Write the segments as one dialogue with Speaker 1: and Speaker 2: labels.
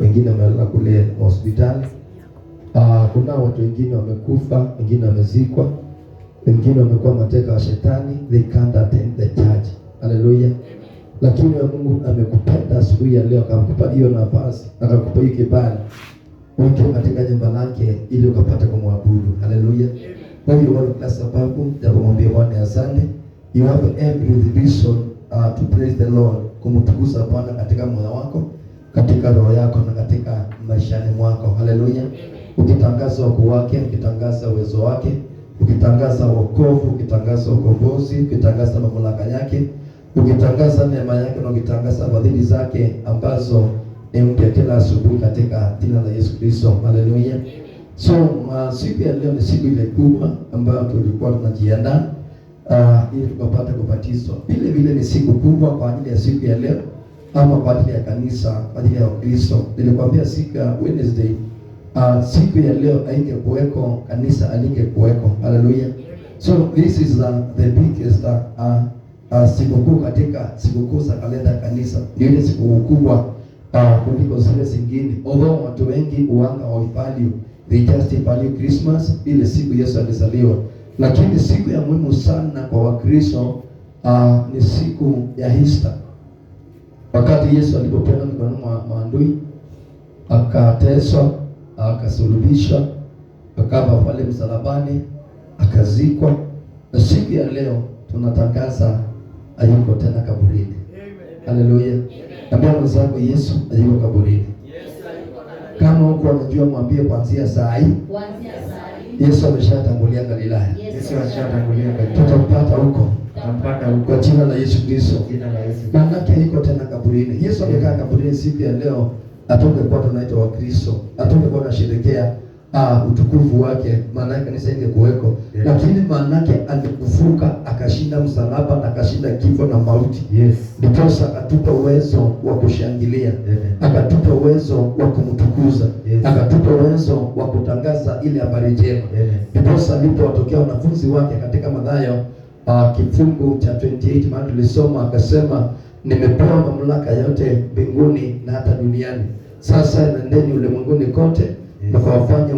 Speaker 1: wengine wamelala kule hospitali. Uh, kuna watu wengine wamekufa, wengine wamezikwa, wengine wamekuwa mateka wa shetani, they can't attend the church. Haleluya! Lakini wa Mungu amekupenda siku ya leo, akakupa hiyo nafasi, akakupa hiyo kibali uke katika nyumba lake ili ukapata kumwabudu. Haleluya! Kwa hiyo wale kwa sababu ya kumwambia Bwana asante, you have every reason uh, to praise the Lord, kumtukuza Bwana katika moyo wako katika roho yako na katika maishani mwako. Haleluya! Ukitangaza ukuu wake, ukitangaza uwezo wake, ukitangaza wokovu, ukitangaza ukombozi, ukitangaza mamlaka yake, ukitangaza neema yake na ukitangaza fadhili zake ambazo ni mpya kila asubuhi katika jina la Yesu Kristo. Haleluya! So uh, siku ya leo ni siku ile kubwa ambayo tulikuwa tunajiandaa uh, ili tukapata kubatizwa. Vile vile ni siku kubwa kwa ajili ya siku ya leo ama kwa ajili ya kanisa, kwa ajili ya Wakristo. Nilikwambia siku ya Wednesday, uh, siku ya leo kuweko kanisa, alinge kuweko. Haleluya! So this is uh, the biggest uh, uh, uh, sikukuu katika sikukuu za kalenda ya kanisa, ni ile sikukuu kubwa uh, kuliko zile zingine, although watu wengi uanga wa value they just value Christmas, ile siku Yesu alizaliwa, lakini siku ya muhimu sana kwa Wakristo uh, ni siku ya Easter Wakati Yesu alipopenda mikono mwa maandui, akateswa, akasulubishwa, akava pale msalabani, akazikwa, na siku ya leo tunatangaza hayuko tena kaburini. Haleluya! Ambia mwenzako Yesu hayuko kaburini. Kama huko unajua, mwambie kuanzia saa hii Yesu ameshatangulia Galilaya, tutampata huko kwa jina la Yesu Kristo. Manake iko tena kaburini. Yesu amekaa kaburini siku ya leo, atungekuwa tunaitwa Wakristo, atungekuwa tunasherekea uh, utukufu wake, maana kanisa ingekuweko yes. Lakini yake alikufuka akashinda msalaba na akashinda kifo na mauti yes. Ndiposa akatupa uwezo wa kushangilia yes. Akatupa uwezo wa kumtukuza yes. Akatupa uwezo wa kutangaza ile habari njema yes. Ndiposa watokea wanafunzi wake katika Mathayo uh, kifungu cha 28 maana tulisoma, akasema nimepewa mamlaka yote mbinguni na hata duniani, sasa nendeni ulimwenguni kote na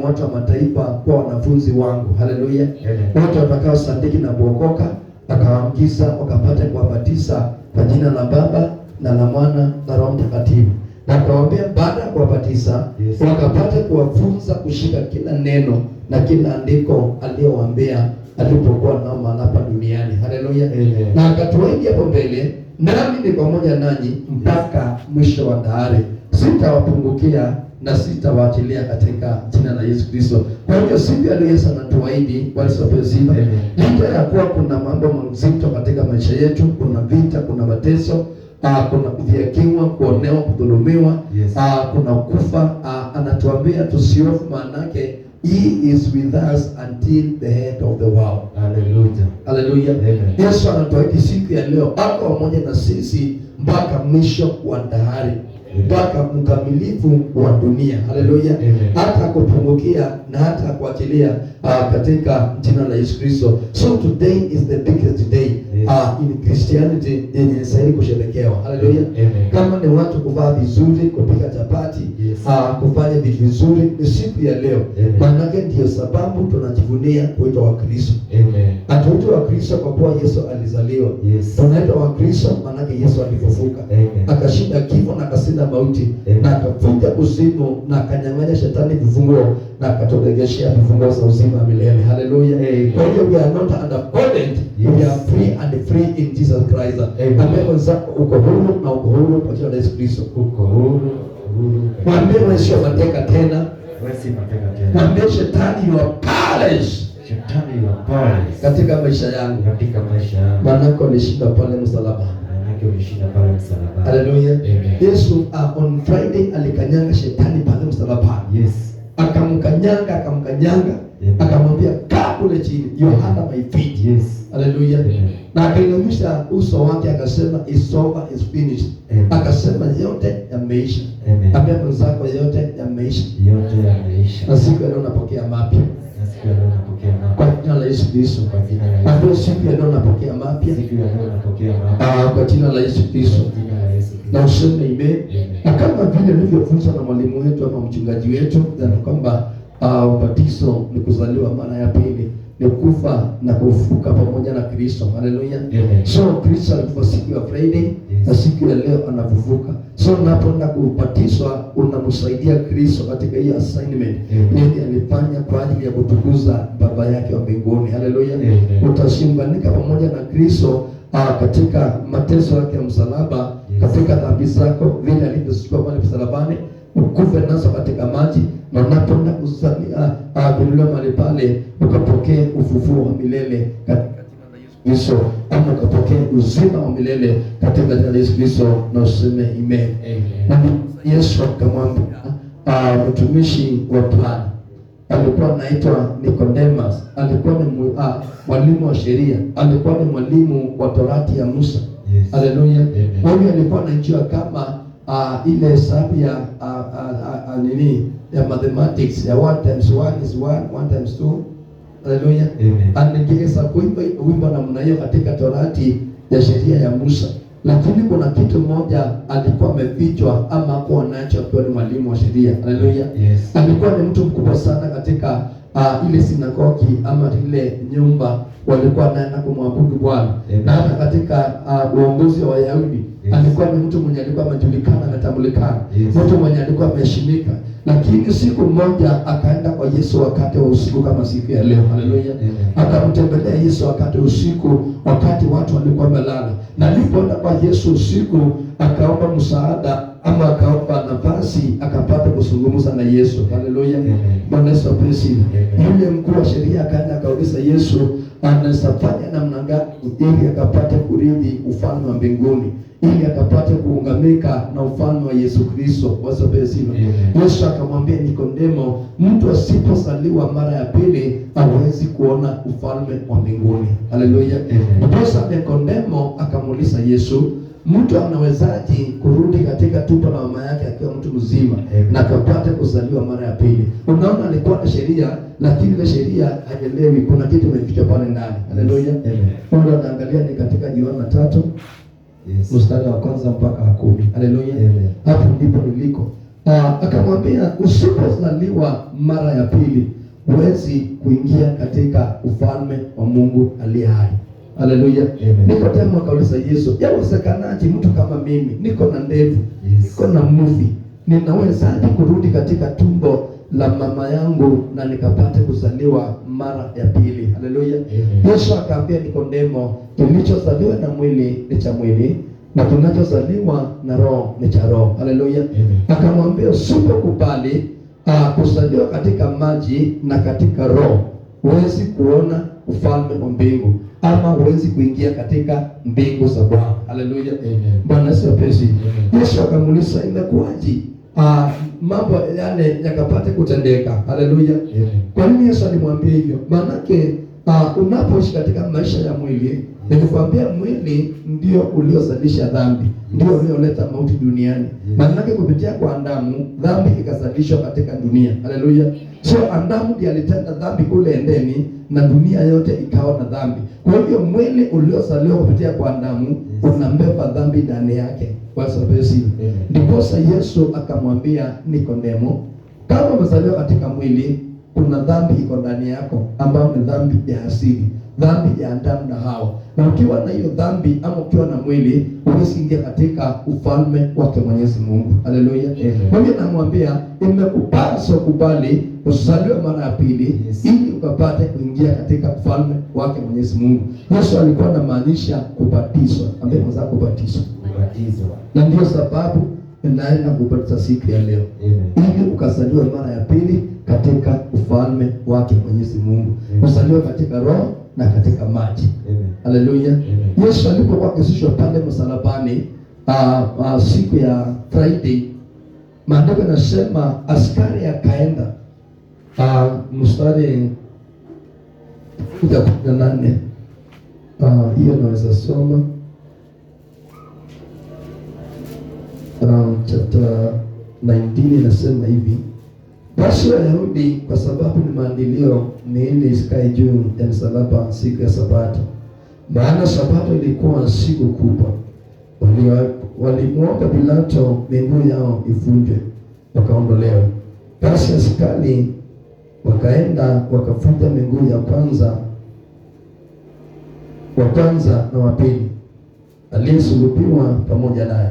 Speaker 1: watu wa mataifa kuwa wanafunzi wangu. Haleluya! watu watakao sadiki na kuokoka, akawaamkiza wakapate kuwabatiza kwa jina la Baba na la Mwana na Roho Mtakatifu. Na akawaombea baada ya kuwabatiza, yes, wakapate kuwafunza kushika kila neno na kila andiko aliyowaambia alipokuwa nao hapa duniani. Haleluya! na akatuahidi hapo mbele, nami ni pamoja nanyi mpaka mwisho wa dahari, sitawapungukia na sitawaachilia katika jina la Yesu Kristo. Kwa hivyo siku ya leo Yesu anatuahidi Bwana asifiwe sifa. Licha ya kuwa kuna mambo mazito katika maisha yetu, kuna vita, kuna mateso, uh, kuna kudhihakiwa, kuonewa, kudhulumiwa, yes. uh, kuna kufa, uh, anatuambia tusihofu maanake He is with us until the end of the world. Hallelujah. Hallelujah. Amen. Yesu anatuahidi siku ya leo ako pamoja na sisi mpaka mwisho wa dahari mpaka mkamilifu wa dunia. Haleluya, hata kupungukia na hata kuachilia uh, katika jina la Yesu Kristo. So today is the biggest day uh, in Christianity yenye sahihi kusherekewa. Haleluya, kama ni watu kuvaa vizuri, kupika chapati yes. uh, kufanya vitu vizuri, ni siku ya leo, maanake ndiyo sababu tunajivunia kuitwa Wakristo. Hatuitwa Wakristo kwa kuwa Yesu alizaliwa yes. Tunaitwa Wakristo maanake Yesu alifufuka akashinda kifo na kashinda na mauti na akavunja kuzimu na akanyang'anya shetani vifunguo na akaturegeshea vifunguo za uzima milele. Haleluya! Kwa hiyo we are not under bondage, we are free and free in Jesus Christ. Ambia wenzako uko huru na uko huru kwa jina la Yesu Kristo. Uko huru, huru. Mwambie wewe sio mateka tena. Wewe si mateka tena. Mwambie shetani you are perish Katika maisha yangu. Katika maisha yangu. Maana niko nishinda pale msalabani yake umeshinda pale msalabani. Haleluya. Yesu uh, on Friday alikanyanga shetani pale msalabani. Yes. Akamkanyanga, akamkanyanga, akamwambia kaa kule chini, yohana under my feet. Yes. Haleluya. Na akainamisha uso wake akasema it's over, it's finished. Akasema yote yameisha. Amen. Ambia mwenzako yote yameisha. Yote yameisha. Na siku leo napokea mapya. Na siku leo kwa jina la Yesu Kristo, kwa jina la Yesu. Na siku ya leo napokea mapya, siku ya leo napokea mapya, ah, kwa jina la Yesu Kristo, jina la Yesu. Na useme amen, na kama vile nilivyofunza na mwalimu wetu ama mchungaji wetu, na kwamba ah, ubatizo ni kuzaliwa mara ya pili ni kufa na kufuka pamoja na Kristo. Haleluya. So Kristo alikufa siku ya Friday yes, na siku ya leo anafufuka. So unapoenda kubatizwa unamsaidia Kristo katika hiyo assignment yeye alifanya kwa ajili ya kutukuza baba yake wa mbinguni. Haleluya. Utashinganika pamoja na Kristo Uh, katika mateso yake ya msalaba yes, katika dhambi zako vile alivyochukua pale msalabani, ukufe nazo katika maji na unapoenda kusalia adhulula mahali pale, ukapokee ufufuo wa milele katika jina la Yesu Kristo, ama ukapokee uzima wa milele katika jina la Yesu Kristo, na useme amen. Na Yesu akamwambia ah, mtumishi wa Bwana alikuwa anaitwa Nicodemus, alikuwa ni ah, mwalimu wa sheria, alikuwa ni mwalimu wa torati ya Musa. Haleluya! Huyu alikuwa anajua kama uh, ile hesabu ya uh, uh, uh, uh, nini ya mathematics ya 1 times 1 is 1 1 times 2 Haleluya, amen. Ningeweza kuimba wimbo namna hiyo katika Torati ya sheria ya Musa, lakini kuna kitu moja alikuwa amefichwa ama kuwa nacho akiwa ni mwalimu wa sheria. Haleluya, yes. Alikuwa ni mtu mkubwa sana katika uh, ile sinagogi ama ile nyumba walikuwa wanaenda kumwabudu Bwana, na hata katika ah, uongozi uh, wa Wayahudi yes. alikuwa ni mtu mwenye alikuwa amejulikana anatambulikana, yes. mtu mwenye alikuwa ameheshimika, lakini siku moja akaenda kwa Yesu wakati wa usiku kama siku ya leo. Haleluya, yes. akamtembelea Yesu wakati usiku, wakati watu walikuwa wamelala, na alipoenda kwa Yesu usiku akaomba msaada ama akaomba nafasi akapata kuzungumza na Yesu. Haleluya, Bwana Yesu apesi. Yule mkuu wa sheria akaenda akauliza Yesu anaweza fanya namna gani ili akapate kurithi ufalme wa mbinguni, ili akapate kuungamika na ufalme wa Yesu Kristo kwa sababu ya Yesu akamwambia Nikodemo, mtu asipozaliwa mara ya pili hawezi kuona ufalme wa mbinguni. Haleluya! Ndipo Nikodemo akamuuliza Yesu mtu anawezaje kurudi katika tumbo la mama yake akiwa mtu mzima na kapate kuzaliwa mara ya pili? Unaona, alikuwa na sheria, lakini ile sheria haielewi, kuna kitu imefichwa pale ndani. Haleluya! Mungu anaangalia ni katika Yohana tatu yes. mstari wa kwanza mpaka kumi. Haleluya! hapo ndipo niliko ah, akamwambia, usipozaliwa mara ya pili huwezi kuingia katika ufalme wa Mungu aliye hai. Haleluya. tena kauliza Yesu, yawezekanaje mtu kama mimi niko na ndevu yes, niko na mvi, ninawezaje kurudi katika tumbo la mama yangu na nikapate kuzaliwa mara ya pili? Haleluya. Yesu akaambia Nikodemo, kilichozaliwa na mwili ni cha mwili na kinachozaliwa na roho ni cha roho. Haleluya. Akamwambia usipokubali ah, kuzaliwa katika maji na katika roho huwezi kuona ufalme wa mbingu ama huwezi kuingia katika mbingu za Bwana. Haleluya, amen. Bwana Yesu apesi. Yesu akamuuliza imekuwaje? Ah, mambo yale yakapate kutendeka. Haleluya, amen. Kwa nini Yesu alimwambia hivyo? Maanake ah, unapoishi katika maisha ya mwili Nilikwambia mwili ndio uliozalisha dhambi, ndio ulioleta mauti duniani. Maana kupitia kwa Adamu dhambi ikazalishwa katika dunia. Haleluya! Sio Adamu ndiye alitenda dhambi kule Edeni na dunia yote ikawa na dhambi. Kwa hivyo mwili uliozaliwa kupitia kwa Adamu unambeba dhambi ndani yake, kwa sababu ndiposa Yesu akamwambia Nikodemo, kama umezaliwa katika mwili, kuna dhambi iko ndani yako ambayo ni dhambi ya asili dhambi ya Adamu na Hawa, na ukiwa na hiyo dhambi ama ukiwa na mwili huwezi ingia katika ufalme wake Mwenyezi Mungu. Haleluya! Kwa hivyo namwambia imekupasa kubali usaliwe mara ya pili, yes, ili ukapate kuingia katika ufalme wake Mwenyezi Mungu. Yesu alikuwa anamaanisha kubatizwa, ambaye mwanza kubatizwa, na ndio sababu naenda kubatiza siku ya leo ili ukasaliwe mara ya pili katika ufalme wake Mwenyezi Mungu, usaliwe katika roho na katika maji. Haleluya! Yesu alipokuwa akisulubiwa pale msalabani, uh, uh, siku ya Friday, maandiko yanasema askari akaenda, uh, mstari kuja kumi na nane hiyo uh, naweza soma um, chapter 19 inasema hivi basi wayahudi kwa sababu ni maandilio miili isikae juu ya msalaba siku ya Sabato, maana Sabato ilikuwa siku kubwa. Walimwomba Pilato miguu yao ivunjwe, wakaondolewa. Basi askari wakaenda wakavunja miguu ya kwanza wa kwanza na wa pili aliyesulubiwa pamoja naye,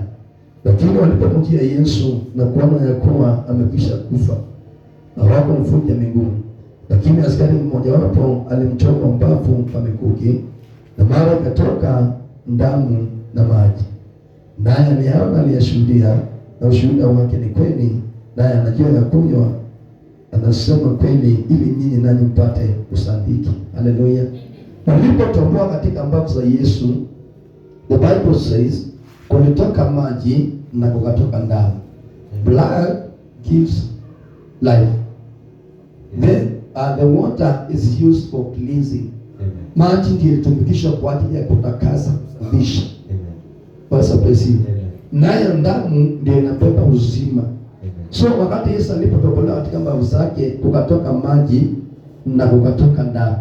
Speaker 1: lakini walipomjia Yesu na kuona ya kuwa amekwisha kufa mfuja miguu, lakini askari mmoja wapo alimchoma mbavu mikuki, na mara ikatoka damu na maji. Naye ameyaona aliyashuhudia, na ushuhuda wake ni kweli, naye anajua ya kunywa anasema kweli, ili nyinyi nanyi mpate kusadiki. Haleluya! Walipotambua katika mbavu za Yesu, the Bible says kulitoka maji na kukatoka damu. Blood gives life the, uh, the water is used for cleansing. Maji ndiyo ilitumikishwa kwa ajili ya kutakasa ubishi. Basi nayo damu ndiyo inabeba uzima. So wakati Yesu alipotokolewa katika mbavu zake kukatoka maji na kukatoka damu,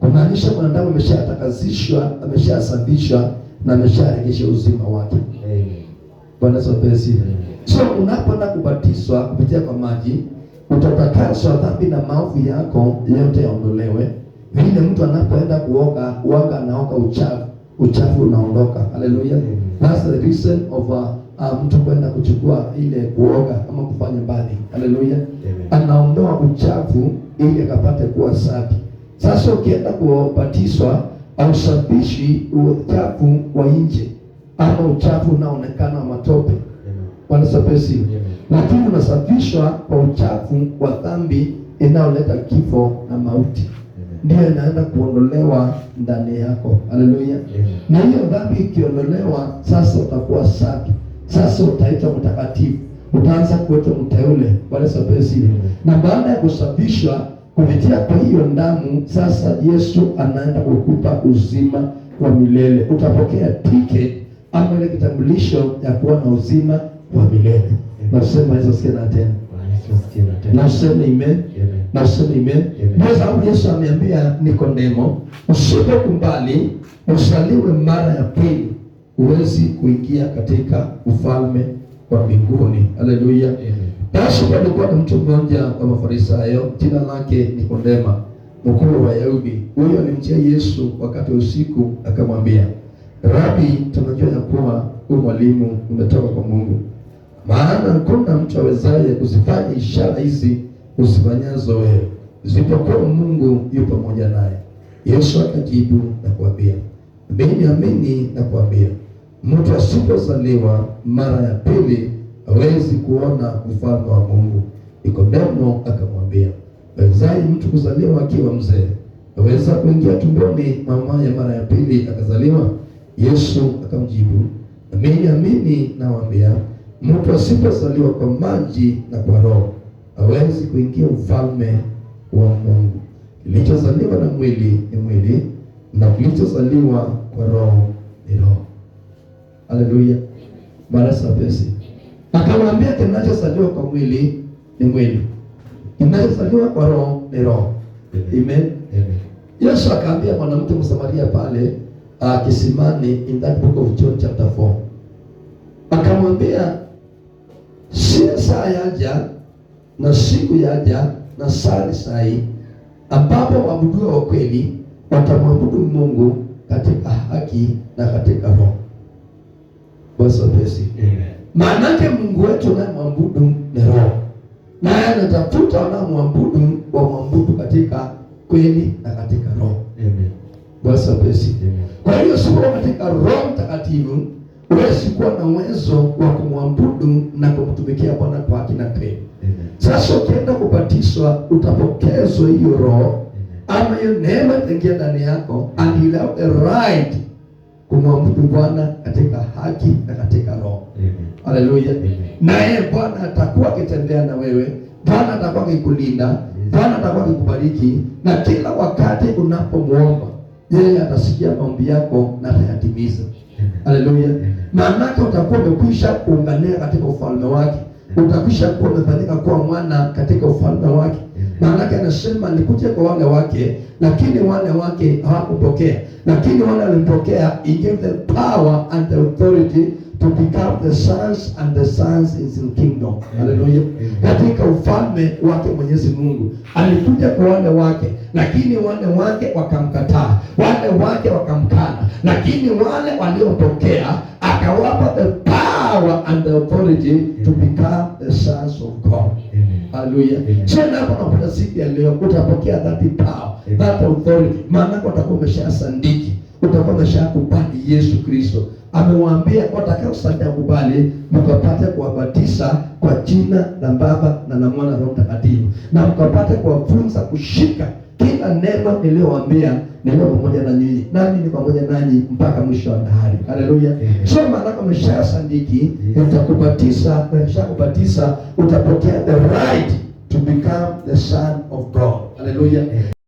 Speaker 1: kumaanisha mwanadamu ameshatakasishwa, ameshasafishwa na amesharejesha uzima wake. Bwana Yesu asifiwe. So unapoenda kubatizwa kupitia kwa maji utatakaswa dhambi na maovu yako yote yaondolewe. Vile mtu anapoenda kuoga uoga, anaoga uchafu, uchafu unaondoka. Haleluya, that's the reason of a, uh, a uh, mtu kwenda kuchukua ile kuoga ama kufanya baadhi. Haleluya, anaondoa uchafu ili akapate kuwa safi. Sasa ukienda kubatizwa, ausafishi uchafu wa nje ama uchafu unaonekana wa matope. wanasapesi asifiwe lakini unasafishwa kwa uchafu wa dhambi inayoleta kifo na mauti, ndiyo inaenda kuondolewa ndani yako. Haleluya! na hiyo dhambi ikiondolewa, sasa utakuwa safi, sasa utaitwa mtakatifu, utaanza kuitwa mteule, wale Na baada ya kusafishwa kupitia kwa hiyo damu, sasa Yesu anaenda kukupa uzima wa milele, utapokea tiketi ama ile kitambulisho ya kuwa na uzima wa milele. Nasema tena, nasema nasema sababu Yesu ameambia Nikodemo, usipo kumbali usaliwe mara ya pili, huwezi kuingia katika ufalme wa mbinguni. Haleluya! Basi palikuwa na mtu mmoja wa Mafarisayo, jina lake Nikodema, mkuu wa Wayahudi. Huyo alimjia Yesu wakati wa usiku, akamwambia Rabi, tunajua ya kuwa huu mwalimu umetoka kwa Mungu maana hakuna mtu awezaye kuzifanya ishara hizi usifanyazo wewe, isipokuwa Mungu yu pamoja naye. Yesu akajibu na kuambia, amini amini nakuambia, mtu asipozaliwa mara ya pili hawezi kuona ufalme wa Mungu. Nikodemo akamwambia, wezaye mtu kuzaliwa akiwa mzee? Aweza kuingia tumboni ya mara ya pili akazaliwa? Yesu akamjibu, amini amini nawaambia mtu asipozaliwa kwa maji na kwa roho hawezi kuingia ufalme wa Mungu. Kilichozaliwa na mwili ni mwili, na kilichozaliwa kwa roho ni roho. Haleluya, Bwana sapesi. Akamwambia, kinachozaliwa kwa mwili ni mwili, kinachozaliwa kwa roho ni roho. Amen. Yesu akaambia mwanamke Msamaria pale uh, kisimani, in that book of John chapter 4 akamwambia si saa yaja na siku yaja na saa ni saa hii ambapo waabudu wa kweli watamwabudu Mungu katika haki na katika roho. Maanake Mungu wetu na mwabudu ni roho, naye anatafuta na wa mwabudu katika kweli na katika roho. Amen. Bwana Kwa hiyo sio katika Roho Mtakatifu huwezi kuwa na uwezo wa kumwabudu na kumtumikia Bwana kwa haki na kweli. Sasa ukienda kubatizwa, utapokezwa hiyo roho ama hiyo neema itaingia ndani yako, and you have the right kumwabudu Bwana katika haki na katika roho. Haleluya! Naye Bwana atakuwa akitembea na wewe, Bwana atakuwa akikulinda, Bwana atakuwa akikubariki, na kila wakati unapomwomba yeye atasikia maombi yako na atayatimiza. Haleluya! Maanake utakuwa umekwisha kuunganika katika ufalme wake, utakwisha kuwa umefanyika kuwa mwana katika ufalme wake. Maanake anasema nikuje kwa wale wake, lakini wale wake hawakupokea, lakini wale walimpokea, he gave them power and authority to become the sons and the sons in his kingdom. Haleluya. Katika ufalme wake Mwenyezi Mungu alikuja kwa wale wake, lakini wale wake wakamkataa, wale wake wakamkana, lakini wale waliopokea akawapa the power and the authority to become the sons of God. Haleluya. Tena hapo napata siku ya leo utapokea that power, that authority, maana utakuwa umeshasandiki, utakuwa umeshakubali Yesu Kristo amewaambia watakaosajabu pale mkapate kuwabatisa kwa jina la Baba na la Mwana na Roho Mtakatifu, na mkapate kuwafunza kushika kila neno niliyowaambia, nilio pamoja na nyinyi, nami ni pamoja nanyi mpaka mwisho wa dahari. Haleluya! So maanake umeshaya sandiki, utakubatisa, umeshakubatiza, utapokea the right to become the son of God. Haleluya!